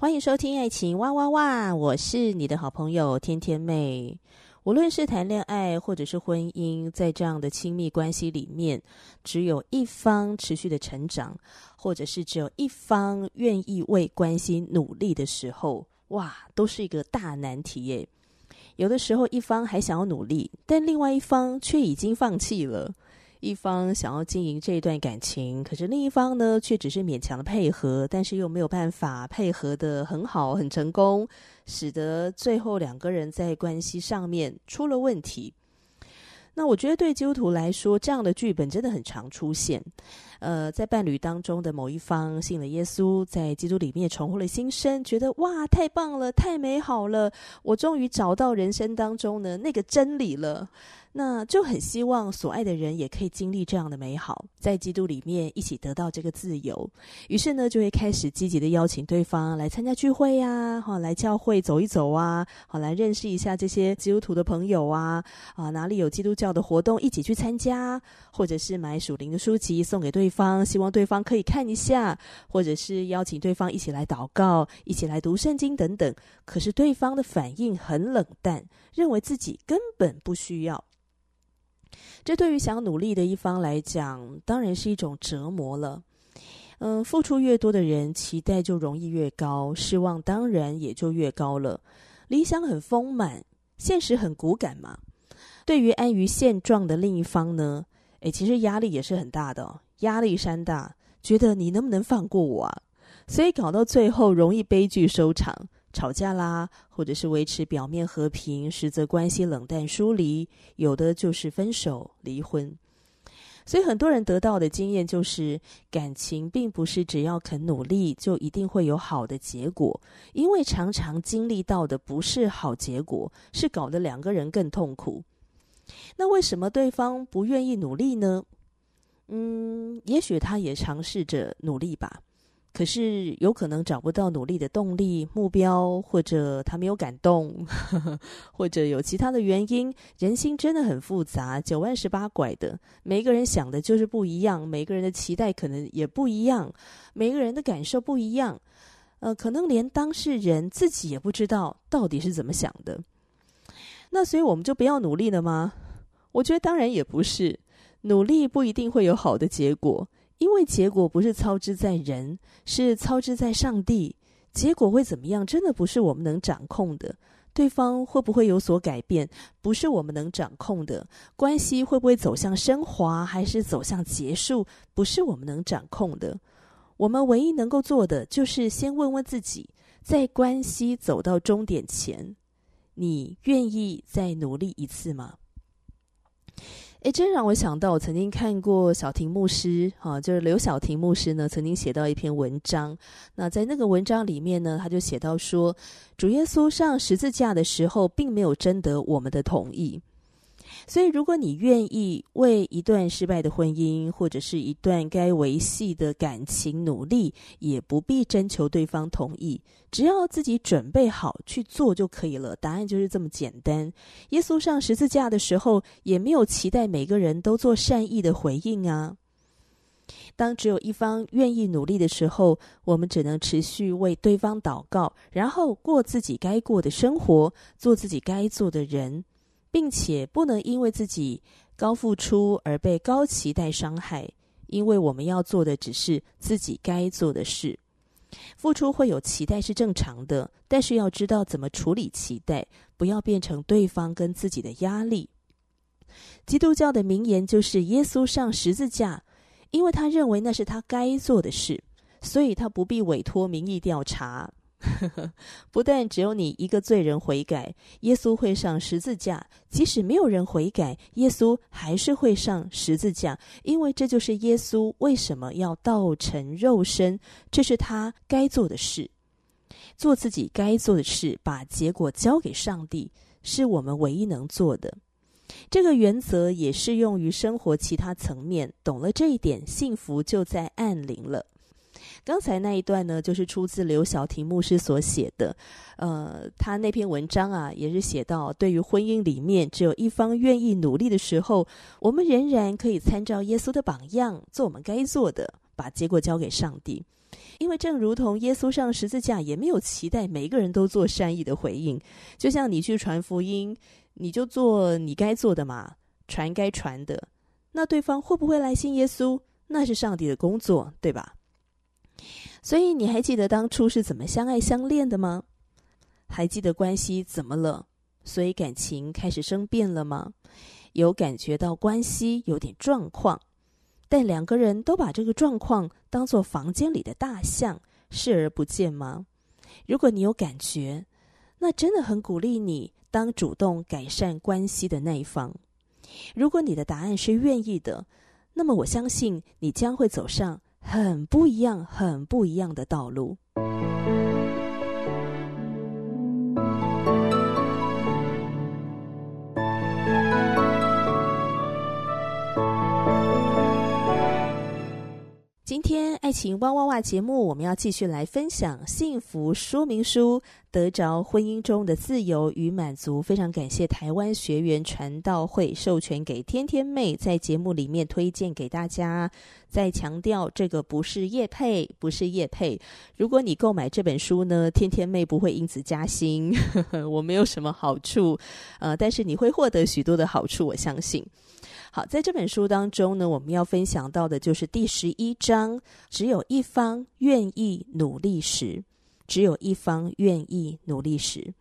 歡迎收聽《愛情哇哇哇》，我是你的好朋友天天妹。無論是談戀愛或者是婚姻，在這樣的親密關係裡面，只有一方持續的成長，或者是只有一方願意為關係努力的時候，哇，都是一個大難題耶。有的時候，一方還想要努力，但另外一方却已經放棄了。一方想要經營這段感情，可是另一方呢，卻只是勉強的配合，但是又沒有辦法配合得很好、很成功，使得最後兩個人在關係上面出了問題。那我覺得對基督徒來說，這樣的劇本真的很常出現。呃，在伴侶當中的某一方信了耶穌，在基督裡面重獲了新生，覺得哇，太棒了，太美好了！我終於找到人生當中呢那個真理了，那就很希望所愛的人也可以經歷這樣的美好，在基督裡面一起得到這個自由。於是呢，就會開始積極的邀請對方來參加聚會呀，好，來教會走一走啊，好來認識一下這些基督徒的朋友啊，啊，哪裡有基督教的活動，一起去參加，或者是買屬靈的書籍送給對方。方希望對方可以看一下，或者是邀請對方一起來禱告、一起來讀聖經等等。可是對方的反應很冷淡，認為自己根本不需要。這對於想努力的一方來講，當然是一種折磨了。嗯，付出越多的人，期待就容易越高，失望當然也就越高了。理想很豐滿，現實很骨感嘛。對於安於現狀的另一方呢，誒，其實壓力也是很大的哦。壓力山大，覺得你能不能放過我啊？所以搞到最後容易悲劇收場，吵架啦，或者是維持表面和平，實則關係冷淡疏離，有的就是分手、離婚。所以很多人得到的經驗就是，感情並不是只要肯努力就一定會有好的結果，因為常常經歷到的不是好結果，是搞得兩個人更痛苦。那為什麼對方不願意努力呢？嗯，也許他也嘗試着努力吧，可是有可能找不到努力的動力、目標，或者他沒有感動，呵呵，或者有其他的原因。人心真的很複雜，九彎十八拐的。每一個人想的就是不一樣，每個人的期待可能也不一樣，每個人的感受不一樣。呃，可能連當事人自己也不知道到底是怎麼想的。那所以我們就不要努力了嗎？我覺得當然也不是。努力不一定會有好的結果，因為結果不是操之在人，是操之在上帝。結果會怎麼樣，真的不是我們能掌控的。對方會不會有所改變，不是我們能掌控的。關係會不會走向昇華，還是走向結束，不是我們能掌控的。我們唯一能夠做的，就是先問問自己，在關係走到終點前，你願意再努力一次嗎？誒，真讓我想到，我曾經看過小婷牧師，啊，就是劉小婷牧師呢，曾經寫到一篇文章。那在那個文章裡面呢，他就寫到說，主耶穌上十字架的時候，並沒有徵得我們的同意。所以，如果你願意為一段失敗的婚姻，或者是一段該維繫的感情努力，也不必徵求對方同意，只要自己準備好去做就可以了。答案就是這麼簡單。耶穌上十字架的時候，也沒有期待每個人都做善意的回應啊。當只有一方願意努力的時候，我們只能持續為對方禱告，然後過自己該過的生活，做自己該做的人。並且不能因為自己高付出而被高期待傷害，因為我們要做的只是自己該做的事。付出會有期待是正常的，但是要知道怎麼處理期待，不要變成對方跟自己的壓力。基督教的名言就是耶穌上十字架，因為他認為那是他該做的事，所以他不必委託民意調查。呵呵， 不但只有你一個罪人悔改，耶穌會上十字架；即使沒有人悔改，耶穌還是會上十字架，因為這就是耶穌為什麼要道成肉身，這是他該做的事，做自己該做的事，把結果交給上帝，是我們唯一能做的。這個原則也適用於生活其他層面。懂了這一點，幸福就在暗林了。剛才那一段呢，就是出自劉曉婷牧師所寫的。呃，他那篇文章啊，也是寫到，對於婚姻裡面只有一方願意努力的時候，我們仍然可以參照耶穌的榜樣，做我們該做的，把結果交給上帝。因為正如同耶穌上十字架，也沒有期待每個人都做善意的回應。就像你去傳福音，你就做你該做的嘛，傳該傳的。那對方會不會來信耶穌，那是上帝的工作，對吧？所以你還記得當初是怎麼相愛相戀的嗎？還記得關係怎麼了？所以感情開始生變了嗎？有感覺到關係有點狀況，但兩個人都把這個狀況當作房間裡的大象，視而不見嗎？如果你有感覺，那真的很鼓勵你當主動改善關係的那一方。如果你的答案是願意的，那麼我相信你將會走上。很不一樣，很不一樣的道路。今天《愛情哇哇哇》節目，我們要繼續來分享幸福說明書。得着婚姻中的自由與滿足，非常感謝台灣學員傳道會授權給天天妹在節目裡面推薦給大家。再強調這個不是業配，不是業配。如果你購買這本書呢，天天妹不會因此加薪，呵呵，我沒有什麼好處。呃，但是你會獲得許多的好處，我相信。好，在這本書當中呢，我們要分享到的就是第十一章：只有一方願意努力時。只有一方願意努力時，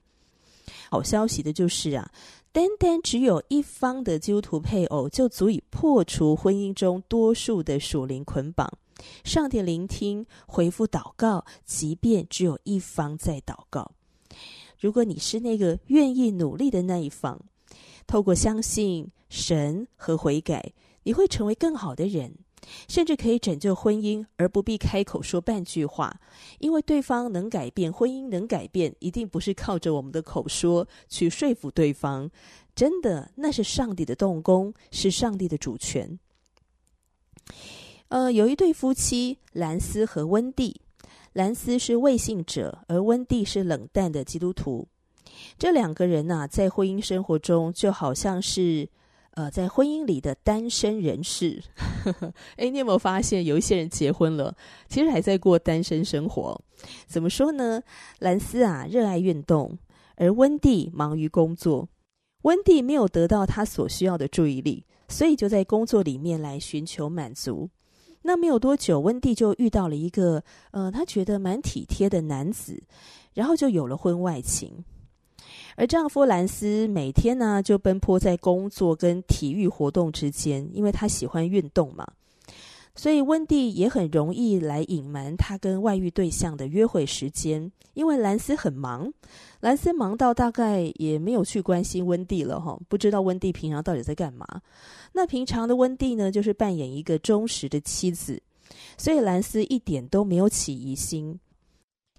好、哦、消息的就是啊，單單只有一方的基督徒配偶就足以破除婚姻中多數的屬靈捆綁。上天聆聽，回復禱告，即便只有一方在禱告。如果你是那個願意努力的那一方，透過相信神和悔改，你會成為更好的人。甚至可以拯救婚姻，而不必開口說半句話，因為對方能改變，婚姻能改變，一定不是靠着我們的口說去說服對方，真的，那是上帝的動工，是上帝的主權。呃，有一對夫妻，蘭斯和溫蒂，蘭斯是未信者，而溫蒂是冷淡的基督徒。這兩個人呢、啊，在婚姻生活中就好像是。呃，在婚姻裡的單身人士，哎， 你有沒有發現有一些人結婚了，其實還在過單身生活？怎麼說呢？蘭斯啊，熱愛運動，而溫蒂忙於工作，溫蒂沒有得到他所需要的注意力，所以就在工作裡面來尋求滿足。那沒有多久，溫蒂就遇到了一個呃，他覺得蠻體貼的男子，然後就有了婚外情。而丈夫蘭斯每天呢、啊，就奔波在工作跟體育活動之間，因為他喜歡運動嘛。所以溫蒂也很容易來隱瞞他跟外遇對象的約會時間，因為蘭斯很忙，蘭斯忙到大概也沒有去關心溫蒂了哈。不知道溫蒂平常到底在幹嘛？那平常的溫蒂呢，就是扮演一個忠實的妻子，所以蘭斯一點都沒有起疑心。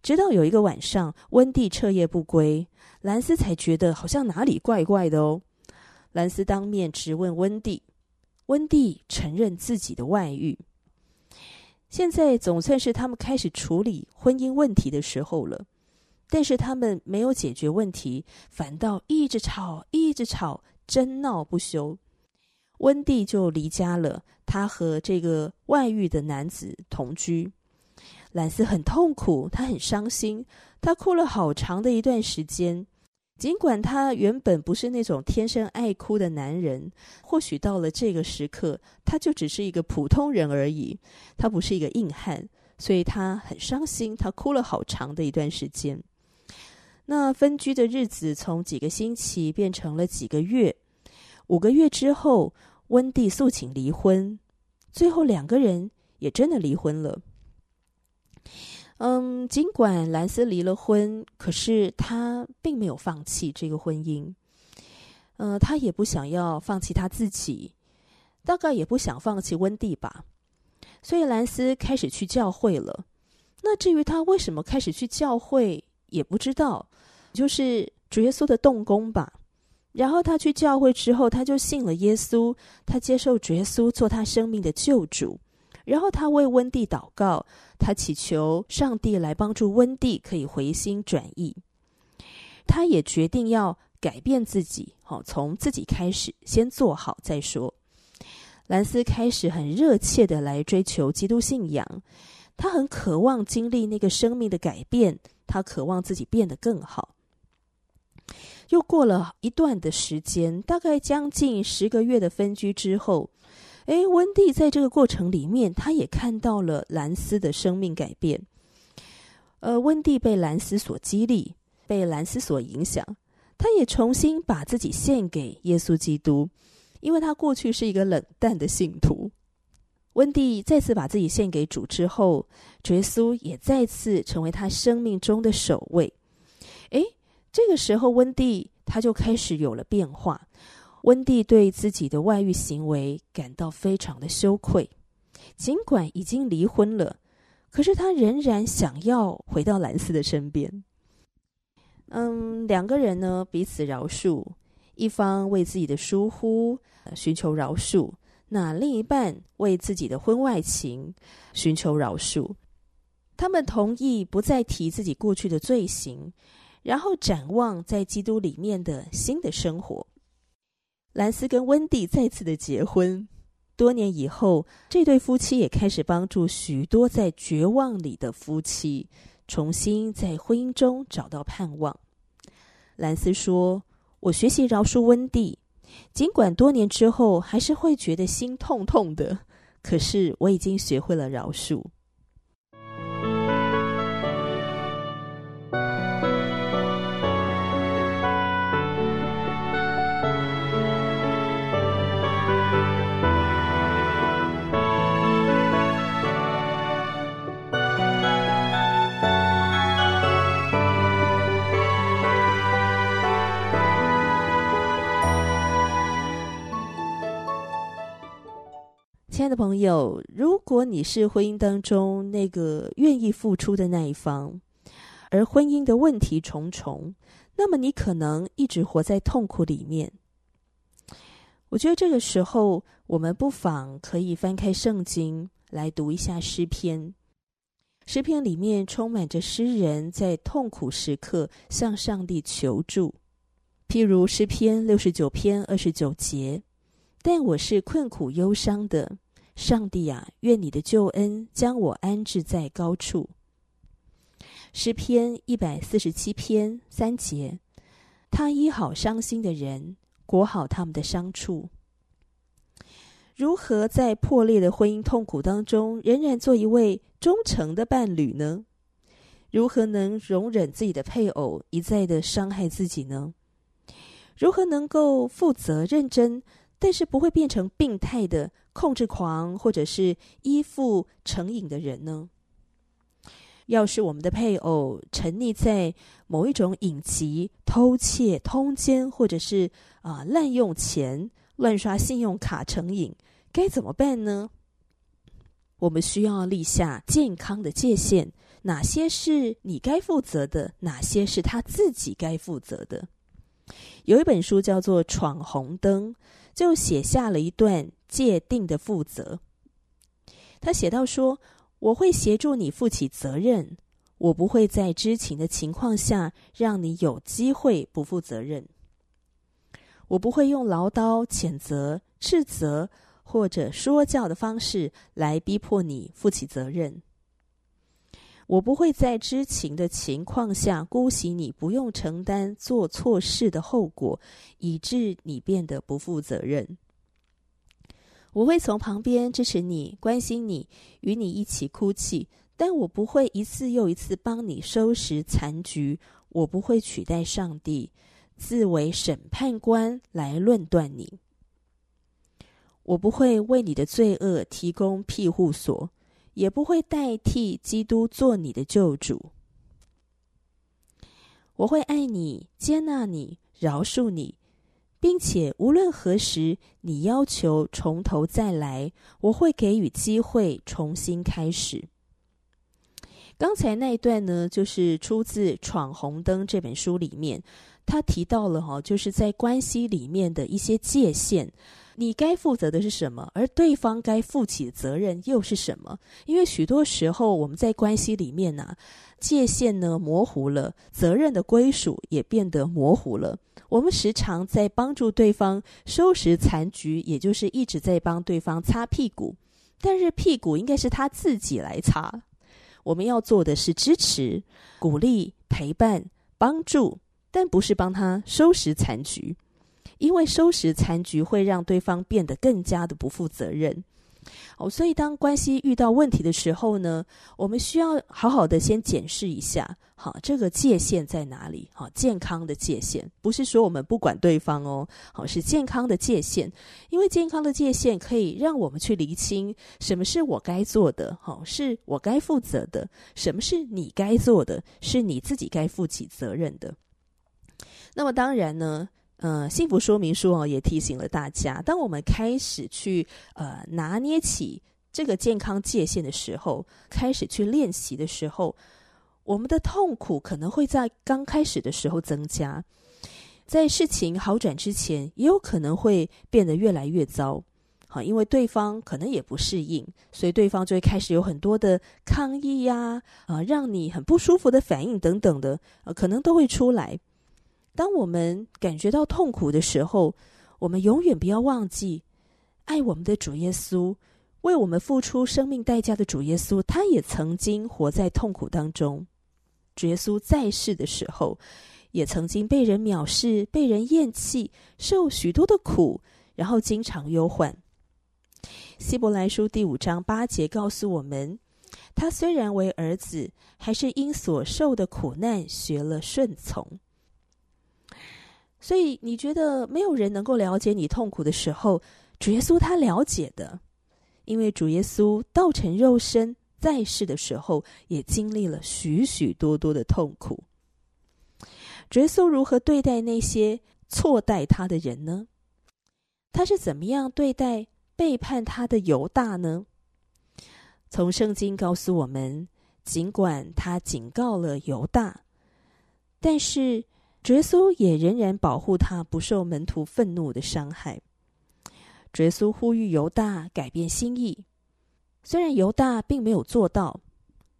直到有一個晚上，溫蒂徹夜不歸。蘭斯才覺得好像哪裡怪怪的哦。蘭斯當面質問溫蒂，溫蒂承認自己的外遇。現在總算是他們開始處理婚姻問題的時候了，但是他們沒有解決問題，反倒一直吵，一直吵，爭鬧不休。溫蒂就離家了，她和這個外遇的男子同居。蘭斯很痛苦，他很傷心，他哭了好長的一段時間。儘管他原本不是那種天生愛哭的男人，或許到了這個時刻，他就只是一個普通人而已。他不是一個硬漢，所以他很傷心，他哭了好長的一段時間。那分居的日子從幾個星期變成了幾個月。五個月之後，溫蒂訴請離婚，最後兩個人也真的離婚了。嗯，儘管蘭斯離了婚，可是他並沒有放棄這個婚姻。嗯、呃，他也不想要放棄他自己，大概也不想放棄溫蒂吧。所以蘭斯開始去教會了。那至於他為什麼開始去教會，也不知道，就是主耶穌的動工吧。然後他去教會之後，他就信了耶穌，他接受主耶穌做他生命的救主。然後他為溫蒂禱告，他祈求上帝來幫助溫蒂可以回心轉意。他也決定要改變自己，好從自己開始，先做好再說。蘭斯開始很熱切的來追求基督信仰，他很渴望經歷那個生命的改變，他渴望自己變得更好。又過了一段的時間，大概將近十個月的分居之後，誒，溫蒂在這個過程裡面，他也看到了蘭斯的生命改變。呃，溫蒂被蘭斯所激勵，被蘭斯所影響，他也重新把自己獻給耶穌基督，因為他過去是一個冷淡的信徒。溫蒂再次把自己獻給主之後，耶穌也再次成為他生命中的首位。誒，這個時候，溫蒂他就開始有了變化。溫蒂對自己的外遇行為感到非常的羞愧，儘管已經離婚了，可是她仍然想要回到蘭斯的身邊。嗯，兩個人呢彼此饒恕，一方為自己的疏忽尋求饒恕，那另一半為自己的婚外情尋求饒恕。他們同意不再提自己過去的罪行，然後展望在基督裡面的新的生活。蘭斯跟溫蒂再次的結婚，多年以後，這對夫妻也開始幫助許多在絕望裡的夫妻，重新在婚姻中找到盼望。蘭斯說：“我學習饒恕溫蒂，儘管多年之後還是會覺得心痛痛的，可是我已經學會了饒恕。”親愛的朋友，如果你是婚姻當中那個願意付出的那一方，而婚姻的問題重重，那麼你可能一直活在痛苦裡面。我覺得這個時候，我們不妨可以翻開聖經來讀一下詩篇。詩篇裡面充滿着詩人在痛苦時刻向上帝求助，譬如詩篇六十九篇二十九節：“但我是困苦憂傷的。”上帝啊，願你的救恩將我安置在高處。詩篇一百四十七篇三節，他醫好傷心的人，裹好他們的傷處。如何在破裂的婚姻痛苦當中，仍然做一位忠誠的伴侶呢？如何能容忍自己的配偶一再的傷害自己呢？如何能夠負責認真？但是不會變成病態的控制狂，或者是依附成癮的人呢？要是我們的配偶沉溺在某一種隱疾、偷竊、通奸，或者是啊、呃、濫用錢、亂刷信用卡成癮，該怎麼辦呢？我們需要立下健康的界限：哪些是你該負責的，哪些是他自己該負責的。有一本書叫做《闖紅燈》，就寫下了一段界定的負責。他寫到說：“我會協助你負起責任，我不會在知情的情況下讓你有機會不負責任。我不會用嘮叨、譴責、斥責或者說教的方式來逼迫你負起責任。”我不會在知情的情況下姑息你不用承擔做錯事的後果，以致你變得不負責任。我會從旁邊支持你、關心你，與你一起哭泣，但我不會一次又一次幫你收拾殘局。我不會取代上帝，自為審判官來論斷你。我不會為你的罪惡提供庇護所。也不會代替基督做你的救主。我會愛你，接納你，饒恕你，並且無論何時你要求從頭再來，我會給予機會重新開始。剛才那一段呢，就是出自《闖紅燈》這本書裡面，他提到了哈、哦，就是在關係裡面的一些界限。你該負責的是什麼？而對方該負起的責任又是什麼？因為許多時候我們在關係裡面吶、啊，界限呢模糊了，責任的歸屬也變得模糊了。我們時常在幫助對方收拾殘局，也就是一直在幫對方擦屁股，但是屁股應該是他自己來擦。我們要做的是支持、鼓勵、陪伴、幫助，但不是幫他收拾殘局。因為收拾殘局會讓對方變得更加的不負責任哦，所以當關係遇到問題的時候呢，我們需要好好的先檢視一下，好、啊、這個界限在哪裡？哈、啊，健康的界限不是說我們不管對方哦，好、啊、是健康的界限，因為健康的界限可以讓我們去釐清什麼是我該做的，好、啊、是我該負責的，什麼是你該做的，是你自己該負起責任的。那麼當然呢。呃、嗯，幸福說明書哦，也提醒了大家，當我們開始去呃拿捏起這個健康界限的時候，開始去練習的時候，我們的痛苦可能會在剛開始的時候增加，在事情好轉之前，也有可能會變得越來越糟。好、啊，因為對方可能也不適應，所以對方就會開始有很多的抗議呀、啊，啊，讓你很不舒服的反應等等的，啊、可能都會出來。當我們感覺到痛苦的時候，我們永遠不要忘記愛我們的主耶穌，為我們付出生命代價的主耶穌。他也曾經活在痛苦當中。主耶穌在世的時候，也曾經被人藐視、被人厭棄，受許多的苦，然後經常憂患。希伯來書第五章八節告訴我們：他雖然為兒子，還是因所受的苦難，學了順從。所以你覺得沒有人能夠了解你痛苦的時候，主耶穌他了解的，因為主耶穌道成肉身在世的時候，也經歷了許許多多的痛苦。主耶穌如何對待那些錯待他的人呢？他是怎麼樣對待背叛他的猶大呢？從聖經告訴我們，儘管他警告了猶大，但是。耶穌也仍然保護他不受門徒憤怒的傷害。耶穌呼籲猶大改變心意，雖然猶大並沒有做到，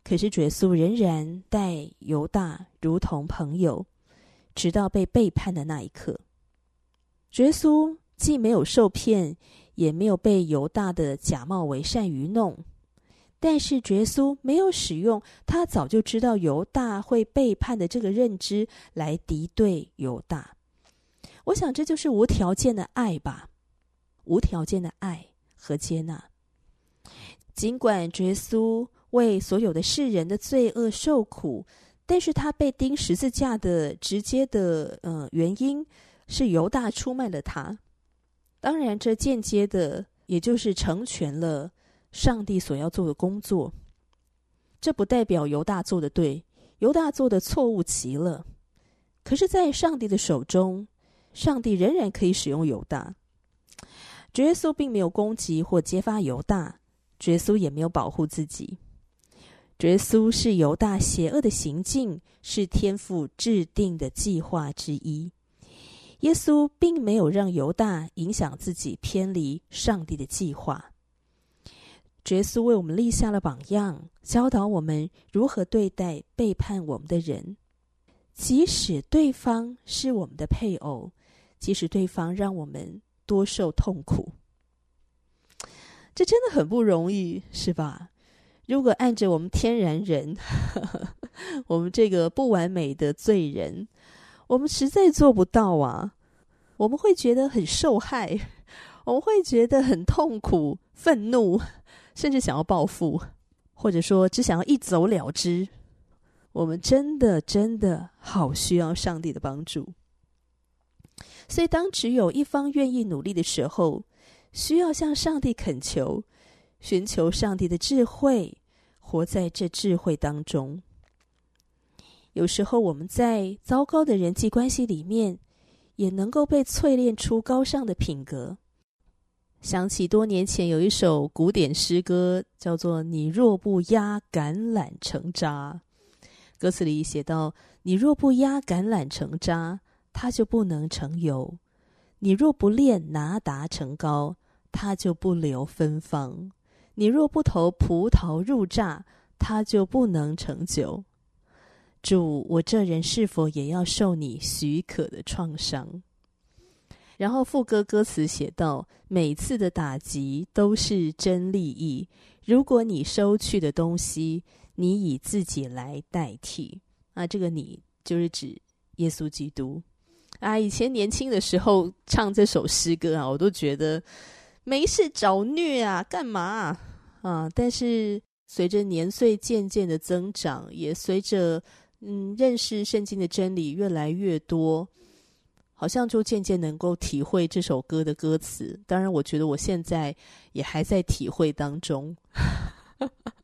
可是耶穌仍然待猶大如同朋友，直到被背叛的那一刻。耶穌既沒有受騙，也沒有被猶大的假冒偽善愚弄。但是，耶穌沒有使用他早就知道猶大會背叛的這個認知來敵對猶大。我想，這就是無條件的愛吧，無條件的愛和接納。儘管耶穌為所有的世人的罪惡受苦，但是他被釘十字架的直接的，呃原因是猶大出賣了他。當然，這間接的，也就是成全了。上帝所要做的工作，這不代表猶大做的對，猶大做的錯誤極了。可是，在上帝的手中，上帝仍然可以使用猶大。耶穌並沒有攻擊或揭發猶大，耶穌也沒有保護自己。耶穌是猶大邪惡的行徑，是天父制定的計劃之一。耶穌並沒有讓猶大影響自己偏離上帝的計劃。耶穌為我們立下了榜樣，教導我們如何對待背叛我們的人，即使對方是我們的配偶，即使對方讓我們多受痛苦，這真的很不容易，是吧？如果按着我們天然人，呵呵，我們這個不完美的罪人，我們實在做不到啊！我們會覺得很受害，我們會覺得很痛苦、憤怒。甚至想要報復，或者說只想要一走了之，我們真的真的好需要上帝的幫助。所以，當只有一方願意努力的時候，需要向上帝懇求，尋求上帝的智慧，活在這智慧當中。有時候，我們在糟糕的人際關係裡面，也能夠被淬煉出高尚的品格。想起多年前有一首古典詩歌，叫做《你若不壓橄欖成渣》，歌詞裡寫道：“你若不壓橄欖成渣，它就不能成油；你若不煉哪噠成膏，它就不留芬芳；你若不投葡萄入榨，它就不能成酒。”主，我這人是否也要受你許可的創傷？然後，副歌歌詞寫道：“每次的打擊都是真利益。如果你收去的東西，你以自己來代替。啊，這個你就是指耶穌基督。啊，以前年輕的時候唱這首詩歌啊，我都覺得沒事找虐啊，幹嘛啊？啊，但是隨着年歲漸漸的增長，也隨着嗯認識聖經的真理越來越多。”好像就漸漸能夠體會這首歌的歌詞。當然，我覺得我現在也還在體會當中。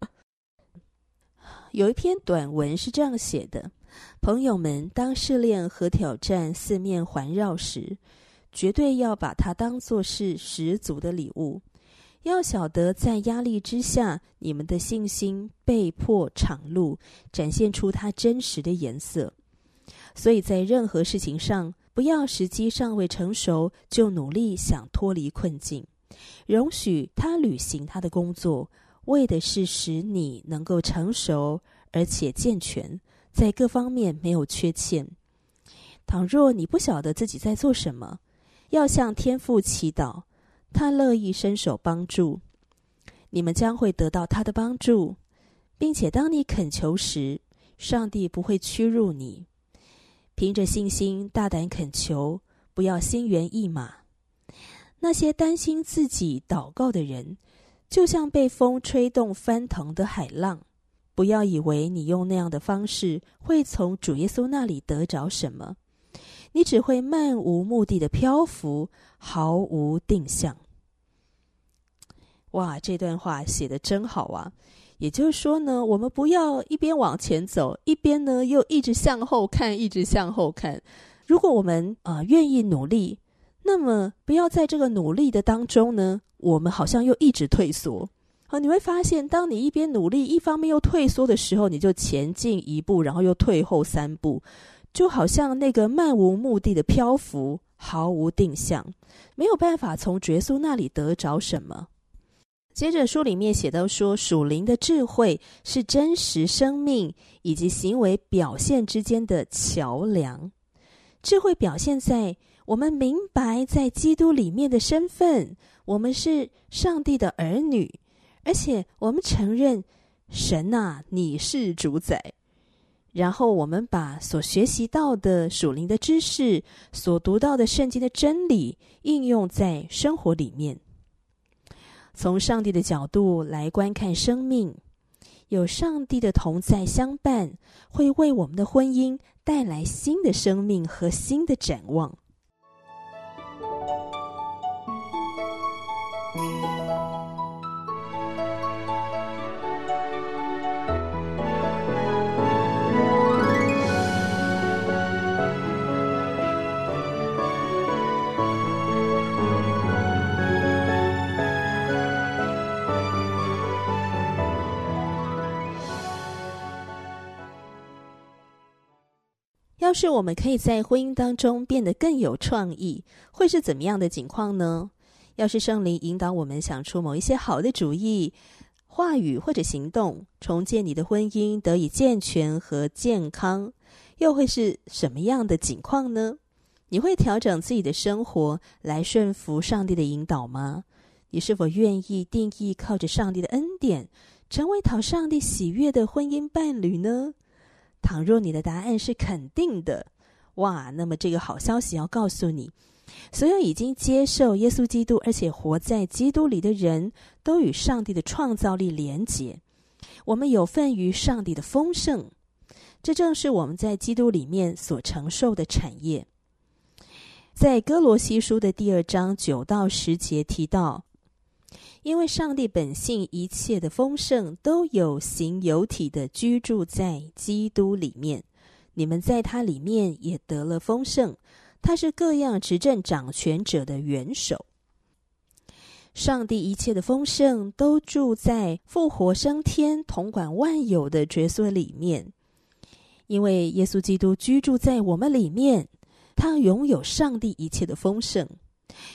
有一篇短文是這樣寫的：“朋友們，當試煉和挑戰四面環繞時，絕對要把它當做是十足的禮物。要曉得，在壓力之下，你們的信心被迫敞露，展現出它真實的顏色。所以在任何事情上，”不要時機尚未成熟就努力想脫離困境，容許他履行他的工作，為的是使你能夠成熟而且健全，在各方面沒有缺陷。倘若你不曉得自己在做什麼，要向天父祈禱，他樂意伸手幫助，你們將會得到他的幫助，並且當你懇求時，上帝不會屈辱你。憑着信心大膽懇求，不要心猿意馬。那些擔心自己禱告的人，就像被風吹動翻騰的海浪。不要以為你用那樣的方式會從主耶穌那裡得着什麼，你只會漫無目的地漂浮，毫無定向。哇，這段話寫得真好啊！也就是說呢，我們不要一邊往前走，一邊呢又一直向後看，一直向後看。如果我們啊、呃、願意努力，那麼不要在這個努力的當中呢，我們好像又一直退縮。啊、呃，你會發現，當你一邊努力，一方面又退縮的時候，你就前進一步，然後又退後三步，就好像那個漫無目的的漂浮，毫無定向，沒有辦法從耶穌那裡得着什麼。接着，書裡面寫到說，屬靈的智慧是真實生命以及行為表現之間的橋樑。智慧表現在我們明白在基督裡面的身份，我們是上帝的兒女，而且我們承認神啊，你是主宰。然後，我們把所學習到的屬靈的知識，所讀到的聖經的真理，應用在生活裡面。從上帝的角度來觀看生命，有上帝的同在相伴，會為我們的婚姻帶來新的生命和新的展望。要是我們可以在婚姻當中變得更有創意，會是怎麼樣的情況呢？要是聖靈引導我們想出某一些好的主意、話語或者行動，重建你的婚姻得以健全和健康，又會是什麼樣的情況呢？你會調整自己的生活來順服上帝的引導嗎？你是否願意定意靠着上帝的恩典，成為討上帝喜悅的婚姻伴侶呢？倘若你的答案是肯定的，哇，那麼這個好消息要告訴你：所有已經接受耶穌基督而且活在基督裡的人都與上帝的創造力連結，我們有份於上帝的豐盛，這正是我們在基督裡面所承受的產業。在哥羅西書的第二章九到十節提到。因為上帝本性一切的豐盛，都有形有體的居住在基督裡面。你們在他裡面也得了豐盛。他是各樣執政掌權者的元首。上帝一切的豐盛都住在復活升天統管萬有的角色裡面。因為耶穌基督居住在我們裡面，他擁有上帝一切的豐盛。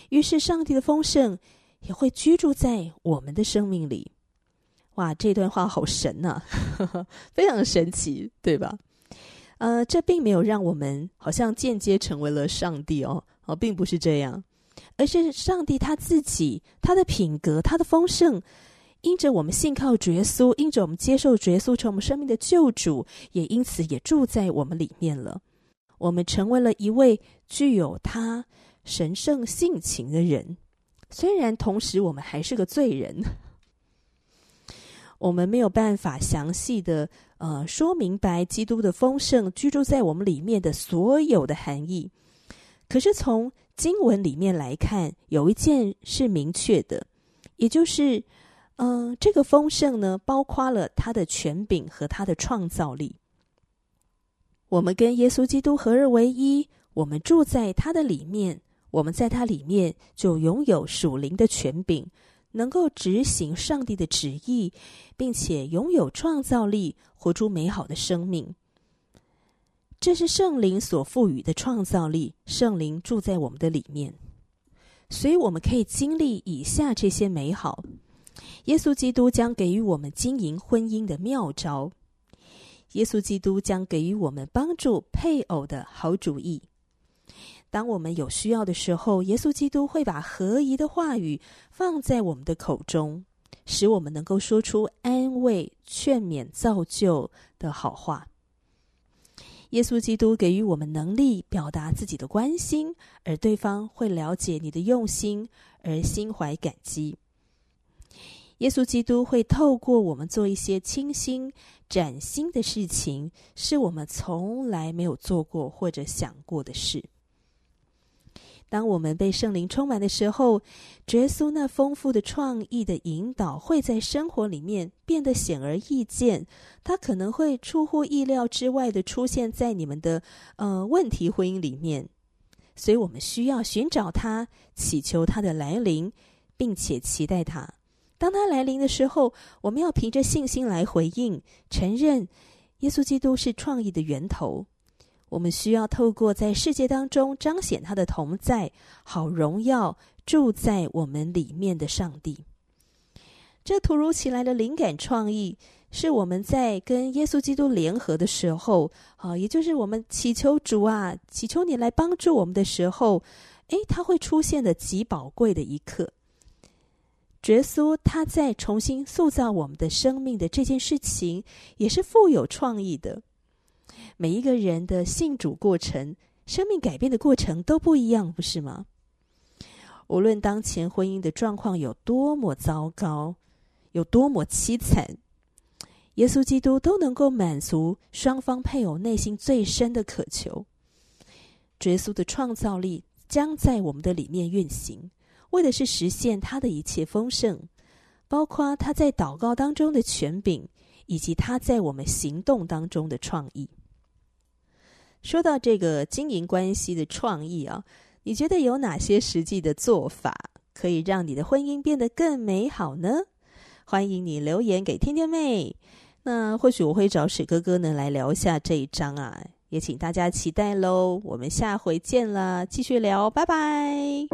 於是，上帝的豐盛。也會居住在我們的生命裡。哇，這段話好神吶，啊呵呵，非常神奇，對吧？呃，這並沒有讓我們好像間接成為了上帝哦，哦，並不是這樣，而是上帝他自己，他的品格，他的豐盛，因着我們信靠主耶穌，因着我們接受主耶穌成為我們生命的救主，也因此也住在我們裡面了。我們成為了一位具有他神聖性情的人。雖然同時我們還是個罪人，我們沒有辦法詳細的呃說明白基督的豐盛居住在我們裡面的所有的含義。可是從經文裡面來看，有一件是明確的，也就是嗯、呃，這個豐盛呢，包括了他的權柄和他的創造力。我們跟耶穌基督合二為一，我們住在他的裡面。我們在他裡面就擁有屬靈的權柄，能夠執行上帝的旨意，並且擁有創造力，活出美好的生命。這是聖靈所賦予的創造力。聖靈住在我們的裡面，所以我們可以經歷以下這些美好。耶穌基督將給予我們經營婚姻的妙招。耶穌基督將給予我們幫助配偶的好主意。當我們有需要的時候，耶穌基督會把合宜的話語放在我們的口中，使我們能夠說出安慰、勸勉、造就的好話。耶穌基督給予我們能力，表達自己的關心，而對方會了解你的用心而心懷感激。耶穌基督會透過我們做一些清新、嶄新的事情，是我們從來沒有做過或者想過的事。當我們被聖靈充滿的時候，耶穌那豐富的創意的引導會在生活裡面變得顯而易見。他可能會出乎意料之外的出現在你們的呃，問題婚姻裡面，所以我們需要尋找他，祈求他的來臨，並且期待他。當他來臨的時候，我們要憑着信心來回應，承認耶穌基督是創意的源頭。我們需要透過在世界當中彰顯他的同在，好榮耀住在我們裡面的上帝。這突如其來的靈感創意，是我們在跟耶穌基督聯合的時候，啊，也就是我們祈求主啊，祈求你來幫助我們的時候，誒，它會出現的極寶貴的一刻。耶穌他在重新塑造我們的生命的這件事情，也是富有創意的。每一個人的信主過程、生命改變的過程都不一樣，不是嗎？無論當前婚姻的狀況有多麼糟糕、有多麼淒慘，耶穌基督都能夠滿足雙方配偶內心最深的渴求。耶穌的創造力將在我們的裡面運行，為的是實現他的一切豐盛，包括他在禱告當中的權柄，以及他在我們行動當中的創意。說到這個經營關係的創意啊，你覺得有哪些實際的做法可以讓你的婚姻變得更美好呢？歡迎你留言給天天妹，那或許我會找水哥哥呢來聊一下這一章啊，也請大家期待嘍。我們下回見啦，繼續聊，拜拜。